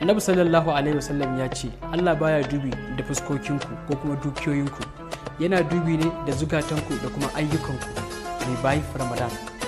annabi sallallahu alaihi wasallam ya ce allah baya dubi da fuskokinku ko kuma dukiyoyinku yana dubi ne da zukatanku da kuma ayyukanku mai bayi ramadan